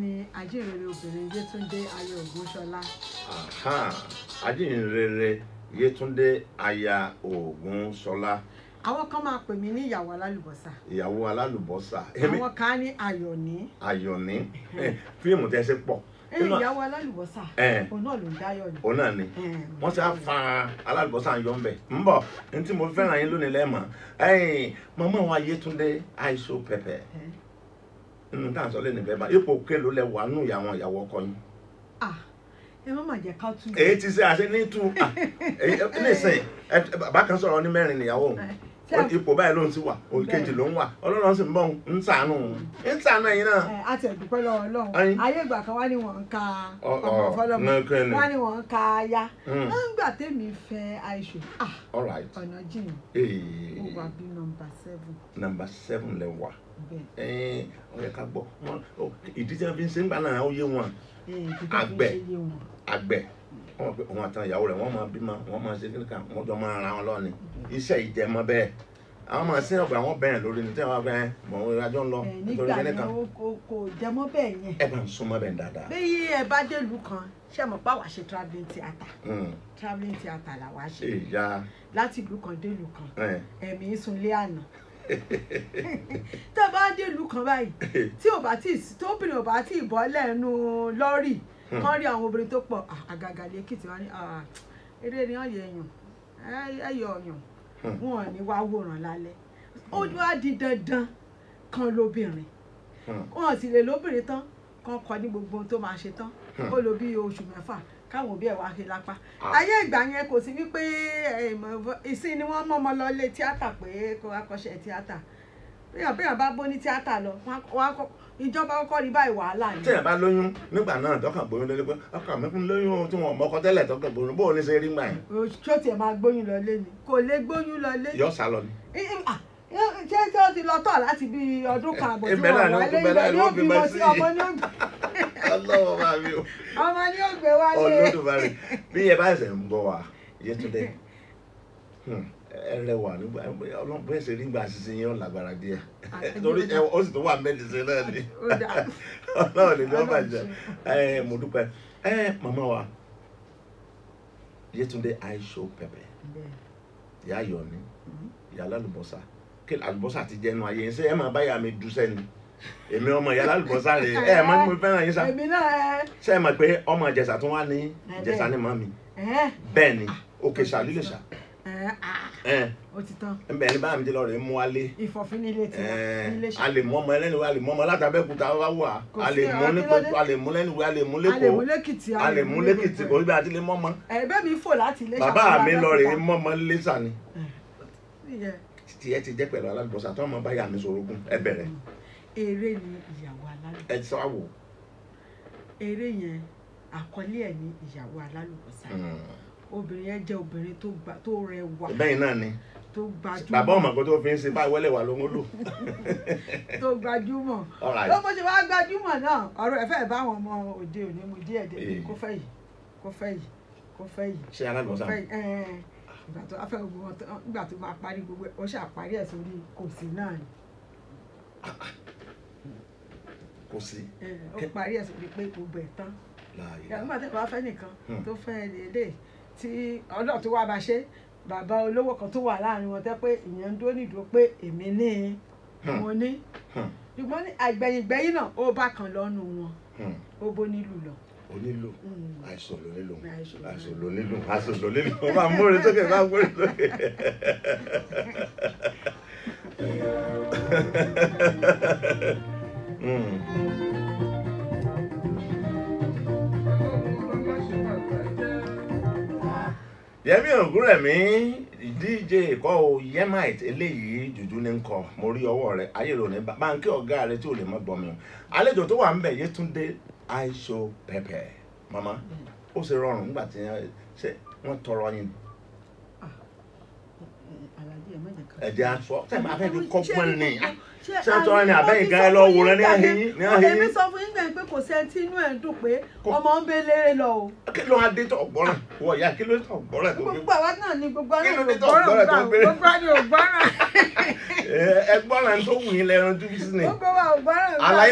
ni ajínrere obìnrin Yétúndé aya Ògúnṣọlá. ajínrere Yétúndé aya Ògúnṣọlá. àwọn kan máa pè mí ní ìyàwó alálùbọ́sà. ìyàwó alálùbọ́sà. àwọn kan ní Àyọ̀ní. Àyọ̀ní fíìmù tẹ́ ṣe pọ̀. ìyàwó alálùbọ́sà òun náà ló ń dáyọ̀ ni. òun náà ni wọ́n ti á fa alálùbọ́sà yọ ń bẹ̀. ń bọ̀ ní tí mo fẹ́ràn yín lónìí lẹ́ẹ̀mọ́ màmá wa Yétúndé àìsó pẹ̀pẹ̀ nínú tá à ń sọ lẹ́nu ìbẹ́ bá ipò kélòó lẹ wà nù ìyàwó ìyàwó ọkọ yín. ẹ má má jẹ ká tú. èyí ti ṣe àṣẹ ní tú nísìnyí bàbá kan sọ̀rọ̀ ní mẹ́rin nìyàwó òun ipò báyìí ló ń ti wà òkèjì ló ń wà ọlọ́run sì ń bọ̀ ń sànù ń sànù ẹ̀yin náà. a ti ẹ̀dùpẹ́ lọ́wọ́ lọ́wọ́ ayé ìgbà kan wá ní wọ́n ń ka ọmọ fọlọ́mọ wá ní wọ́n ń ka aya hmm. nígbà tẹ́mi fẹ́ àìṣù ọ̀nà jìn ó wà bí nọmba seven. nọmba seven lẹ ọ̀yẹ́ ìdí tí wọ́n fi ń ṣe ń gbà náà ó yé wọn àgbẹ̀ àgbẹ̀ wọn pe ìyàwó rẹ̀ wọ́n máa bímọ wọ́n máa ṣe kíkà wọ́n jọ máa ra wọn lọ́ni iṣẹ́ ìjẹmọ́ bẹ́ẹ̀ àwọn máa sẹ́yìn ọ̀gbà wọn bẹ̀rẹ̀ lórí ní tí wọ́n fẹ́ mọ̀ wọn ìrìnàjò ń lọ nítorí kílẹ̀ kan. nígbà yẹn kò jẹmọ́ yẹn. ẹ bá ń súnmọ́ bẹ́ẹ̀ dáadáa. bí ẹ bá délùú kan ṣe mọ̀ pé àwa ṣe travelling theatre hmm. travelling theatre làwa ṣe láti ìlú kan délùú kan ẹ̀mí sunlé àná tẹ́ bá dé ìlú kan báyìí tí ò bá tí tó obìnrin ò bá tí ì bọ́ lẹ́nu lọ́rì hmm. kán rí àwọn obìnrin tó pọ̀ àgàgà lẹ́kìtì wọn ni eré ni wọ́n yẹ yàn ẹ̀yọ̀ yàn hmm. wọn ò ní wá wòran lálẹ́ ó wá di dandan kan lóbìnrin hmm. wọn ò sì lè lóbìnrin tán kan kọ ní gbogbo ohun tó máa ṣe tán ó lo bí oṣù mẹ́fà káwọn òbí ẹ̀ wá he lápá ah. ayé ìgbà yẹn kò sí wípé eh, ìsìn ni wọ́n mọ́mọ́ lọ lé tíátà pé kó wá kọ́ṣẹ́ tíátà bíyàn bíyàn bá bó ní tíátà lọ wọ́n á ìjọba kọ́kọ́ rí báyìí wàhálà ni. tíyẹ̀ bá lóyún nígbà náà dọ́kàn gbóyún lórí pé ọkàn mi fún lóyún tí wọn mọ́kọ tẹ́lẹ̀ dọ́kàn gbóyún bóun ní ṣe rí gbà yẹn. ṣó tiẹ̀ máa gbóyún lọ lé ni kò lè gbóyún lọ lé. yọ sálọ ni. Ah, ṣé tí ó ti lọ tọ̀ láti bí ọdún kan àbọ̀ tí wọ́n wà lé ibẹ̀ ni ó bímọ sí ọmọ ní ògbé. ọlọ́wọ́ máa mi o. ọmọ ní ògbé wálé. olódùmarè bí ẹ bá ṣe ń bọ̀ wá yẹtúndé hmm, ẹrẹwà nígbà ọlọ́pàá ẹsẹ̀ nígbà àṣìṣe yẹn ọ̀ lágbára díẹ̀ torí ó sì tó wà mẹ́tẹ̀ẹ̀sẹ̀ náà ni ọlọ́run ni wọ́n bàjẹ́ ẹ mo dúpẹ́ ẹ màmá wa yẹtúndé àìsó pẹ̀pẹ̀ yá yọ̀ ni mm-hmm. yà lálùbọ́sà kí àlùbọ́sà ti jẹnu ayé ṣé ẹ máa báyà mi dusẹ́ ni èmi ọmọ ìyá àlùbọ́sà rẹ ẹ mọ ni mo fẹ́ràn yín sá ṣé ẹ mọ̀ pé ọmọ ìjẹ̀ṣà tó wà ní ìjẹ̀ṣà ni màmí bẹ́ẹ̀ ni òkè ṣàlú lè ṣà ẹ̀bẹ̀ ní báyìí lọ rẹ mú alé ìfọ̀fin ilé tí a lè mú ọmọ ẹlẹ́niwé a lè mú ọmọ látàbẹ́kúta wá wà a lè mú lẹ́kọ̀ọ́ a lè mú lẹ́niwé a lè mú lẹ́kọ̀ọ́ a lè mú lẹ́kìtì kò rí bí a ti lè mọ́ ọmọ. ẹ̀bẹ́ mi fò láti ilé ṣàkóso bàbá mi lọ rẹ mọ́ ọmọ lẹ́sà ni tí ẹ ti jẹ́ pẹ̀lú alálùbọ́sà tó ọmọ báyà mi sorogún ẹ bẹ̀rẹ̀. eré ni ìyàwó alálùbọ́sà. ẹ sọ àwò. eré yẹn àkọlé ẹ ní ìyàwó alálùbọ́sà hmm. obìnrin yẹn jẹ́ obìnrin tó rẹwà. bẹ́ẹ̀ náà ni tó gbajúmọ̀ bàbá ọmọ kan tó fi ń ṣe bá wọlé wà lóhun lò. tó gbajúmọ̀ ló bó ṣe wá gbajúmọ̀ náà ọ̀rọ̀ ẹ̀fẹ́ báwọn ọmọ òde òní mu díẹ̀ díẹ̀ kó fẹ́ yìí kó fẹ́ yìí kó fẹ́ yìí. ṣé alágbọ̀nsá ìgbà tó wá fẹ́ gbogbo wọn tán ìgbà tó máa parí gbogbo wọn ṣáà parí ẹ̀ sórí kò sí náà ni. kò sí. ó parí ẹ̀ sórí pé gbogbo ẹ̀ tán. ìyàgbọ́n àti ìpàwọ́ fẹ́ nìkan hmm. tó fẹ́ lélẹ̀ tí ọlọ́ọ̀ tó wá bá ṣe bàbá olówó kan tó wà láàrin wọn tẹ́ pé ìyẹn ń dúró nìdúró pé èmi ní hmm. mo ní hmm. ṣùgbọ́n àgbẹ̀yìngbẹ̀yìn náà ó bá kan lọ́nu wọn ó bó nílùú lọ ó nílò mm. àìsàn ló nílò àìsàn ló nílò àìsàn ló nílò ó máa múre sókè máa múre sókè. Hmm. Yẹmí Ògúnrẹ̀mí DJ kọ́ o Yemite eléyìí jùjú ní nǹkan mo rí ọwọ́ rẹ̀ ayé rò ní báńkì ọ̀gá rẹ̀ tí ò lè mọ́ gbọ́n mi o tó wà ń bẹ̀ Yétúndé I show pepper mama mm. ó ṣe rọrùn nígbà tí ṣe wọ́n tọrọ yín. ẹ̀jẹ̀ aṣọ tẹ̀ máa fẹ́ di kọ́gbọ́n ni ṣàtọ́ ni àbẹ́yìn gan ẹ lọ wò rẹ ní ahìn yín ní ahìn yín. sọ fún yín pé kò sí tí inú ẹ̀ ń dùn pé ọmọ ń bẹ lérè lọ o. kí ló wá dé tó ọgbọ́ràn wọ ìyá kí ló tó ọgbọ́ràn tó gbé. gbogbo àwa náà ni gbogbo àná ògbọ́ràn gbà gbogbo àná ògbọ́ràn. ẹ gbọ́ràn tó wù yín lẹ́ran tó bísí ni. gbogbo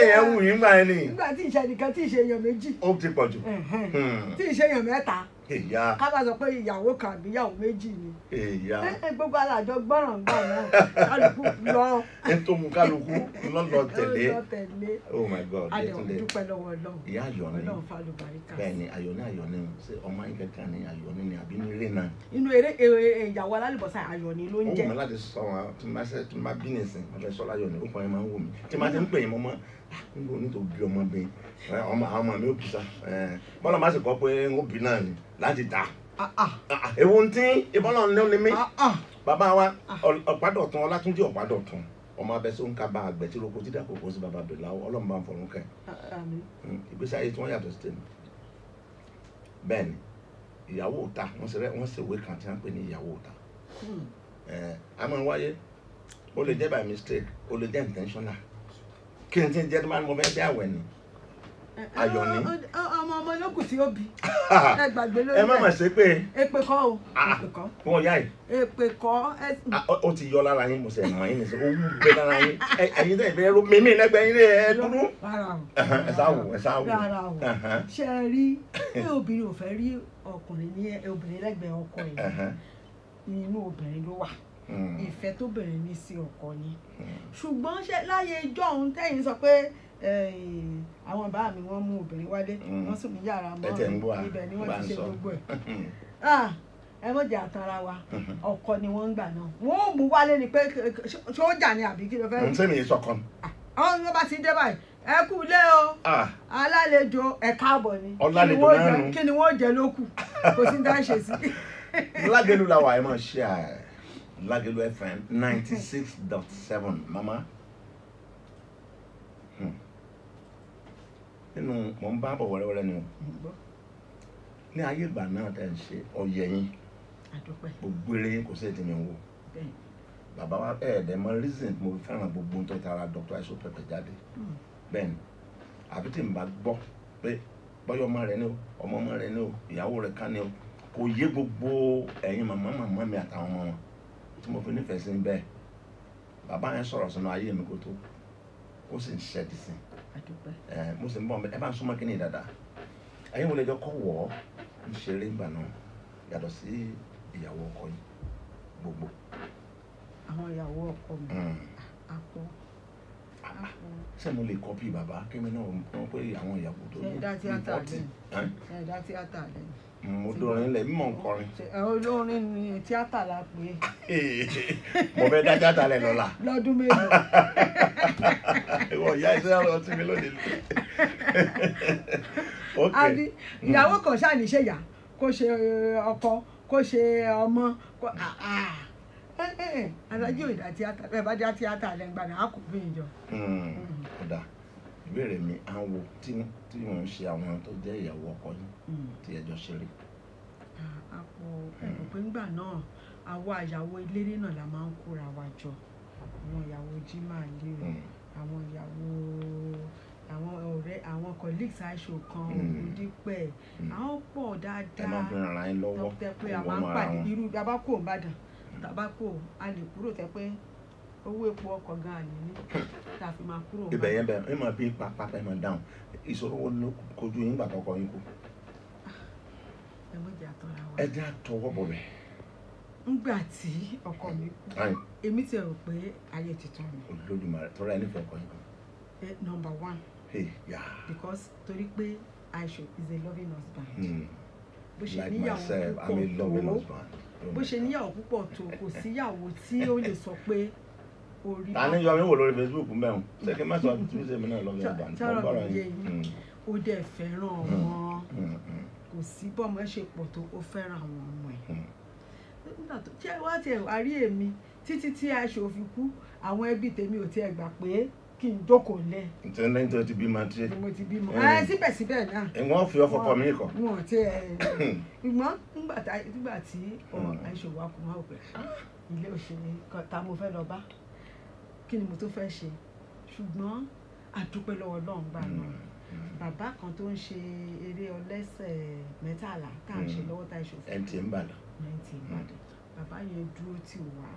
yẹn wù yín gbà ni. nígbà tí ìṣe nìkan tí ìṣe ká bá sọ pé ìyàwó kan àbí ìyàwó méjì ni gbogbo alájọ gbọ́ràn gbà náà kálukú lọ. ẹ tó mu kálukú lọ́lọ́ tẹ̀lé oh my god ẹ tún lè dúpẹ́ lọ́wọ́ ọlọ́run ìyá àyọ̀ni bẹ́ẹ̀ni àyọ̀ni àyọ̀ni ṣé ọmọ yín kankan ni àyọ̀ni ni àbí ní eré náà. inú eré e, e, ìyàwó alálùbọ̀sà àyọ̀ni ló ń oh jẹ́. ó mọ̀ láti sọ wọn tí n bá bí nìsín mo fẹ́ sọ láyọ̀ni ó kàn níbo ní tó bí ọmọbìnrin ọmọ àwọn ọmọ mi ò kùsà bọ́lá má sì kọ́ pé ń bí náà ni láti ta ah, ah. ah, ewu ń tí ìbọ́lá ọ̀nà ni wa ọ̀pádọ̀tún ọlátúnjì ọ̀pádọ̀tún ọmọ abẹ sọ ń ka bá àgbẹ̀ tí roko dídá kò kó sí bàbá bẹ̀rẹ̀ láwọ ọlọ́run bá ń fọ̀rún kẹ́ hmm, ìgbésí ayé tí wọ́n yàtọ̀ sí tèmi bẹ́ẹ̀ ni ìyàwó òta wọ́n ṣe wọ́n ṣe ìwé kan tí wọ́n pè ní ìyàwó òta hmm. ẹ̀ a wáyé ó lè jẹ́ by mistake ó lè jẹ́ intentional kí n ti jẹ́ tó máa ń mo fẹ́ bí àwẹ̀ ni eh, ayọ̀ ni. Eh, eh, ọmọ ọmọ olókùn tí ó bí ẹ gbàgbé lórí ẹ. ẹ má mà ṣe pé. èpè kọ́ o. wọn yá ẹ. èpè kọ́. Ah, ó ti yọ lára yín mo ṣe mọ yín nìṣẹ́ owó gbé lára yín ẹ̀yin tẹ̀ fẹ́ ro mímí lẹ́gbẹ̀ẹ́ yín ẹ dúró. ẹ sá wò ẹ sá wò. rárá o ṣe é rí pé obìnrin ò fẹ́ rí ọkùnrin ní obìnrin lẹ́gbẹ̀ẹ́ ọkọ inú obìnrin ló wà. Mm. ìfẹ́ tóbìnrin ní sí ọkọ ni mm. ṣùgbọ́n ṣe láyé ijó ọ̀hún tẹ́yìn sọ pé àwọn bàbá mi wọ́n mú obìnrin wálé mm. wọ́n sùn ní yàrá mọ́ ibẹ̀ ni wọ́n ti ṣe gbogbo ẹ̀ ah, ẹ mọ̀ jẹ́ àtàrà wa ọkọ ni wọ́n ń gbà náà wọ́n ò mú wálé ni pé sójà ni àbí kí ló fẹ́. ǹ sẹ́mi yìí sọ̀kan. Ah, àwọn ọmọ bá ti dé báyìí ẹ kú lé o ah. alálejò ẹ káàbọ̀ ni kí ni wọ́n jẹ lókù kò sí ní tá a ṣe sí. ládélú làwọn àìmọ̀ ṣe àì. Lagelu FM 96.7 mama hmm. nínú mọ̀ ń bá bọ̀ wẹ́rẹ́wẹ́rẹ́ ni o ní ayé ìgbà náà tẹ̀ ń ṣe ọyẹ yín gbogbo eré yín kò sí ètò mi wò bàbá wa bẹ́ẹ̀ dẹ̀ mọ reason mo fẹ́ràn gbogbo ohun tó tara Dr. Iso Pepe jáde hmm. bẹ́ẹ̀ ni àfi tí n bá gbọ́ pé bọ́yọ̀ ọmọ rẹ̀ ni o ọmọ ọmọ rẹ̀ ni o ìyàwó rẹ̀ ká ni o kò yé gbogbo ẹ̀yin màmá màmá mi àtàwọn ọmọ wọn tí mo fi nífẹ̀ẹ́ sí bẹ́ẹ̀ bàbá yẹn sọ̀rọ̀ sínú ayé mi kó tó ó sì ń ṣiṣẹ́ ti sìn ẹ mo sì ń bọ̀ ẹ bá ń súnmọ́ kíní dáadáa ẹ̀yin wo lè jọ kọ́ wọ̀ ọ́ ń ṣeré ńgbà náà yàtọ̀ sí ìyàwó ọkọ yìí gbogbo. àwọn ìyàwó ọkọ mi hmm. Ah. ṣé mo lè kọ́pì bàbá kémi náà mọ̀ pé àwọn ìyàwó tó ní ìpọ́tì. ẹ̀dá tíátà lẹ́yìn mo dórin lẹ mímọ nkọrin. olórin ni tíátà la pè é. mo fẹ́ dá tíátà lẹ lọ́la. lọ́dún méjì. ìwọ ìyá iṣẹ́ ọ̀rọ̀ ọtí mi lónìí. àbí hmm. ìyàwó kan ṣáà ní ṣèyà kó ṣe ọkọ kó ṣe ọmọ kó. Ah, ah adájọ́ ìdá tíátà bẹ́ẹ̀ bá dá tíátà lẹ́gbàá náà á kò bí ìjọ. kódà ìbéèrè mi à wo tí mò ń ṣe àwọn tó jẹ́ ìyàwó ọkọ yín hmm. tí ẹjọ́ ṣe rí. àpò ẹ̀rọ hmm. pé ńgbà náà àwa ìyàwó eléré náà la máa ń kóra wa jọ àwọn ìyàwó jimá lé o hmm. àwọn ìyàwó àwọn ọ̀rẹ́ àwọn colleagues aṣọ kan ògùndípẹ̀ àwọn pọ̀ dáadáa ẹ máa ń ara yín lọ́wọ́ tọpẹ pé àwọn àpàdé irú abákò ń bàdàn tabako a lè kúrò tẹ́ pé owó epo ọkọ̀ gan àlè ní tá fi máa kúrò. ibẹ̀ yẹn bẹ̀ ẹ máa bí pápá ẹ máa dáhùn ìṣòro wo ló kojú yín gbàtọ́ ọkọ yín kú. ẹ jẹ́ àtọwọ́ bọ̀ bẹ́ẹ̀. ńgbà tí ọkọ mi kú èmi ti rò pé ayé ti mi. olódùmarè tọ́ra ẹ nífẹ̀ẹ́ ọkọ yín kan. ẹ number one. because torí pé I should is a loving husband. Hmm bó ṣe níyàwó púpọ̀ tó oh bó ṣe níyàwó púpọ̀ tó kò síyàwó tí ó lè sọ pé orí. ta ni yọ mi wò lórí Facebook mẹ́rin ṣé kí n má sọ tí mi ṣe mi náà lọ́wọ́ ìgbà nípa ọgbọ́rọ̀ yìí. ó dẹ̀ fẹ́ràn hmm. wọn hmm, hmm. kò sí bọ́mọ ẹ ṣe pọ̀ tó ó fẹ́ràn àwọn ọmọ ẹ̀. ṣé wá tiẹ̀ wá èmi títí tí aṣòfin kú àwọn ẹbí tèmi ò tiẹ̀ gbà pé kí n jókòó lẹ. ǹtẹ́ ní tó ti bímọ tí. mo ti bímọ ẹ síbẹ̀síbẹ̀ náà. ìwọ̀n fi ọkọ̀ kọ mí kọ. wọn ti ẹ ìgbọ́n nígbà tí àìṣòwò akùnmọ́ òpè ilé òṣèré ta mo fẹ́ lọ bá kí ni mo tó fẹ́ ṣe ṣùgbọ́n àdúpẹ́ lọ́wọ́ Ọlọ́run gbà náà hm, hm. bàbá kan tó ń ṣe eré ọlẹ́sẹ̀ mẹ́tàlá tá à ń ṣe hm. lọ́wọ́ tá ìṣòfò. ẹ̀ ń ń bàdàn. ẹ̀ bàbá yẹn dúró tì wá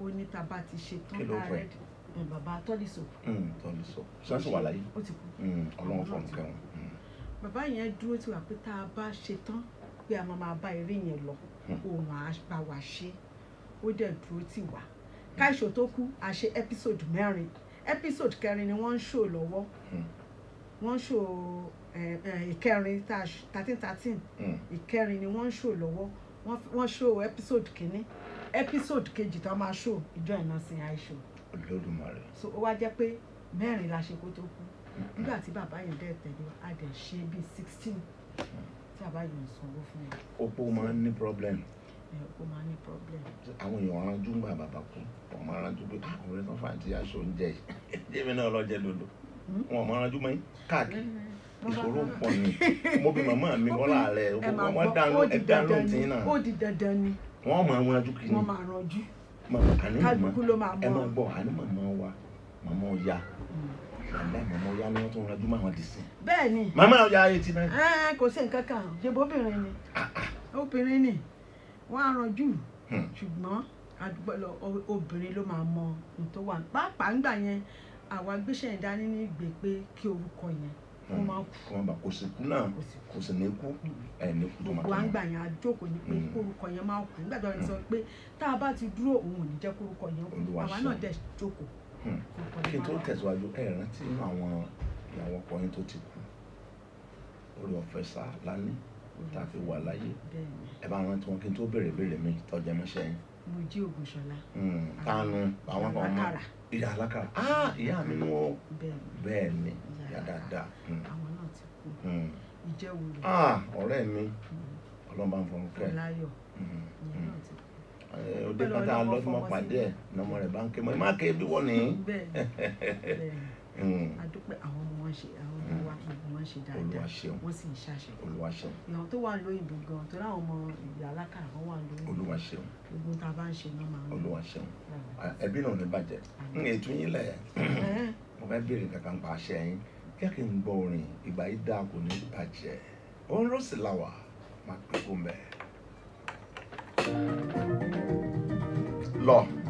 ó ní tá bá ti ṣe tán tá baba tọ́lì sọ̀pù. tọ́lì sọ̀pù sọ́ọ́sì wà láyé mm, ọlọ́run fọ̀n kẹwọn. Mm. bàbá yẹn dúró tiwa pé tá a bá ṣe tán pé a máa máa bá eré yẹn lọ òun mm. àbá wa ṣe ó dẹ̀ dúró tiwa káìsò tó kú a ṣe ẹ́písòdù mẹ́rin ẹ́písòdù kẹrin ni wọ́n ń ṣò lọ́wọ́ wọ́n ń ṣò eh, eh, ìkẹrin thirteen thirteen ìkẹrin ni wọ́n ń ṣò lọ́wọ́ wọ́n ṣò ẹ́písòdù kínní ẹ́písòdù kejì tó máa ṣò ìjọ ìnáṣin àìṣò olódùmarè. so ó wá jẹ́ pé mẹ́rin la ṣe kó tó kú nígbà tí bàbá yìí dẹ̀ tẹ̀lé wa a dẹ̀ ṣe bíi sixteen tí bàbá yìí sanwó fún wa. opó máa ń ní problem. opó máa ń ní problem. àwọn èèyàn aranjú ń gbà bàbá kú wọn máa aranjú pé ah, ọkùnrin kan fàǹtí aṣọ ń jẹ jẹ́mi náà lọ́jẹ́ lòlò hmm? wọn máa aranjú mọ́ káàkiri hmm. ìṣòro pọ̀ ni mo bí màmá mi bọ́lá rẹ̀ wọ́n dánú ẹ̀ dánú tì í náà wọ́n máa ranjú kiri. wọ́n máa ranjú kálukú ló máa mọ ẹ máa gbọ́ àánú màmá wa màmá ọ̀ya wàláì mm. màmá ọ̀ya ni wọ́n tún rajú mọ́ àwọn dìsìn. bẹ́ẹ̀ni màmá ọ̀ya eighty nine. ẹ kò sí nǹkan kan jẹbọbìnrin ni ah, ah. obìnrin ni wọn á ranjú hmm. ṣùgbọ́n àdúgbò obìnrin ló máa mọ ohun tó wà pàápàá ńgbà yẹn àwa gbéṣẹ́ ìdání ní ìgbè kí orúkọ yẹn wọn mm. bá kò sì kú náà kò sì ní kú ẹ ní kú tó máa tó máa. gbogbo àgbàyàn àjókòó ni pé mm. kórúkọ yẹn máa kú nígbà tó ń mm. sọ pé tá a bá ti dúró òun ò ní jẹ́ kórúkọ yẹn kú àwa náà dẹ̀ jókòó. Hmm. kí n tó tẹ̀síwájú ẹ rántí àwọn ìyàwó ọkùnrin tó ti kú orí ọ̀fẹ́ sá lání tá a fi wà láyé ẹ bá rántí wọn kí n tó béèrè béèrè mi tọ́jú ẹmọ́ṣẹ́ yín. mo jí ògùnṣọlá. Hmm. tánu àwọn kan mọ ìyá alákàrà ah ìyá mi ni wọ́n bẹ́ẹ̀ ni ìyá dáadáa. Hmm. àwọn náà ti kú hmm. ìjẹ́wò ah ọ̀rẹ́ mi hmm. ọlọ́run bá ń fọwọ́ kẹ́ ẹ̀. ọláyọ̀ ìyá náà ti kú òde kan tá a lọ fún ọ pàdé ẹ nọmọ rẹ bá ń ké mọ ẹ má ké bí wọn ní. bẹ́ẹ̀ bẹ́ẹ̀ adúpẹ́ àwọn ọmọ wọn àwọn ọmọ wa ìbí wọ́n ṣe dáadáa wọ́n sì ń ṣàṣẹ. olúwa ṣeun. ìyàwó tó wà ń lo ìbò gan tó láwọn ọmọ ìlú alákà wọn wà ń lo ogun tá a bá ń ṣe náà máa ń. olúwa ṣeun. ẹbí náà ní bàjẹ́ n ètò yín lẹ̀ mo fẹ́ béèrè kankan pa àṣẹ yín kí kí n gbọ́ orin ìgbà yìí dáa kò ní bàjẹ́ òun ló sì làwà máa pẹ́ kó mẹ́ lọ.